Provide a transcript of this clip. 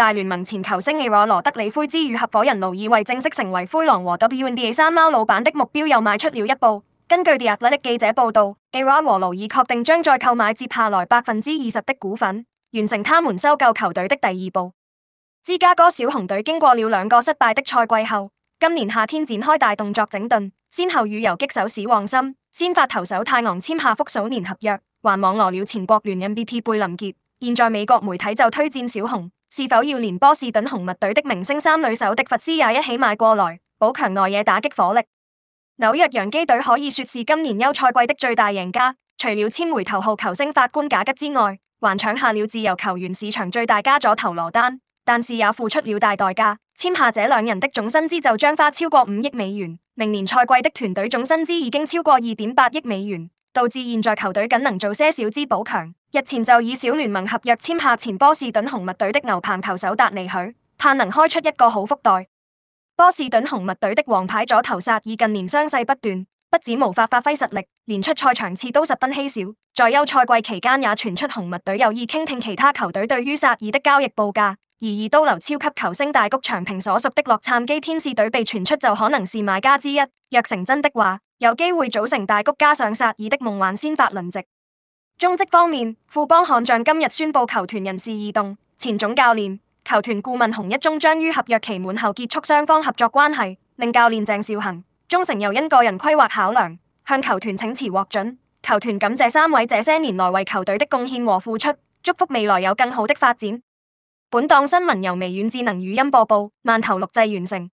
大聯盟前球星 A-Rod 羅德里奎茲與合夥人勞爾為正式成為灰狼和 WNBA 山貓老闆的目標又邁出了一步。根據 The Athletic 記者報道，A-Rod 和勞爾確定將再購買接下來百分之二十的股份，完成他們收購球隊的第二步。芝加哥小熊隊經過了兩個失敗的賽季後，今年夏天展開大動作整頓，先後與游擊手史旺森、先發投手泰昂簽下複數年合約，還網羅了前國聯 MVP 貝林傑。現在美國媒體就推薦小熊。是否要連波士頓紅襪隊的明星三壘手迪弗斯也一起買過來，補強內野打擊火力？紐約洋基隊可以說是今年休賽季的最大贏家，除了簽回頭號球星法官賈吉之外，還搶下了自由球員市場最大咖左投羅丹，但是也付出了大代價，簽下這兩人的總薪資就將花超過五億美元，明年賽季的團隊總薪資已經超過二點八億美元。導致現在，在球隊僅能做些小資補強。日前就以小聯盟合約簽下前波士頓紅襪隊的牛棚球手達尼許，盼能開出一個好福袋。波士頓紅襪隊的王牌左投薩爾近年傷勢不斷，不止無法發揮實力，連出賽場次都十分稀少。在休賽季期間也傳出紅襪隊有意傾聽其他球隊對於薩爾的交易報價，而二刀流超級球星大谷翔平所屬的洛杉磯天使隊被傳出就可能是買家之一。若成真的話，有機會組成大谷加上薩爾的夢幻先發輪值。中職方面，富邦悍將今日宣布球團人事異動，前總教練、球團顧問洪一中將於合約期滿後結束雙方合作關係，另教練鄭少恆中誠又因個人規劃考量向球團請辭獲准。球團感謝三位這些年來為球隊的貢獻和付出，祝福未來有更好的發展。本檔新聞由微軟智能語音播報，慢頭錄製完成。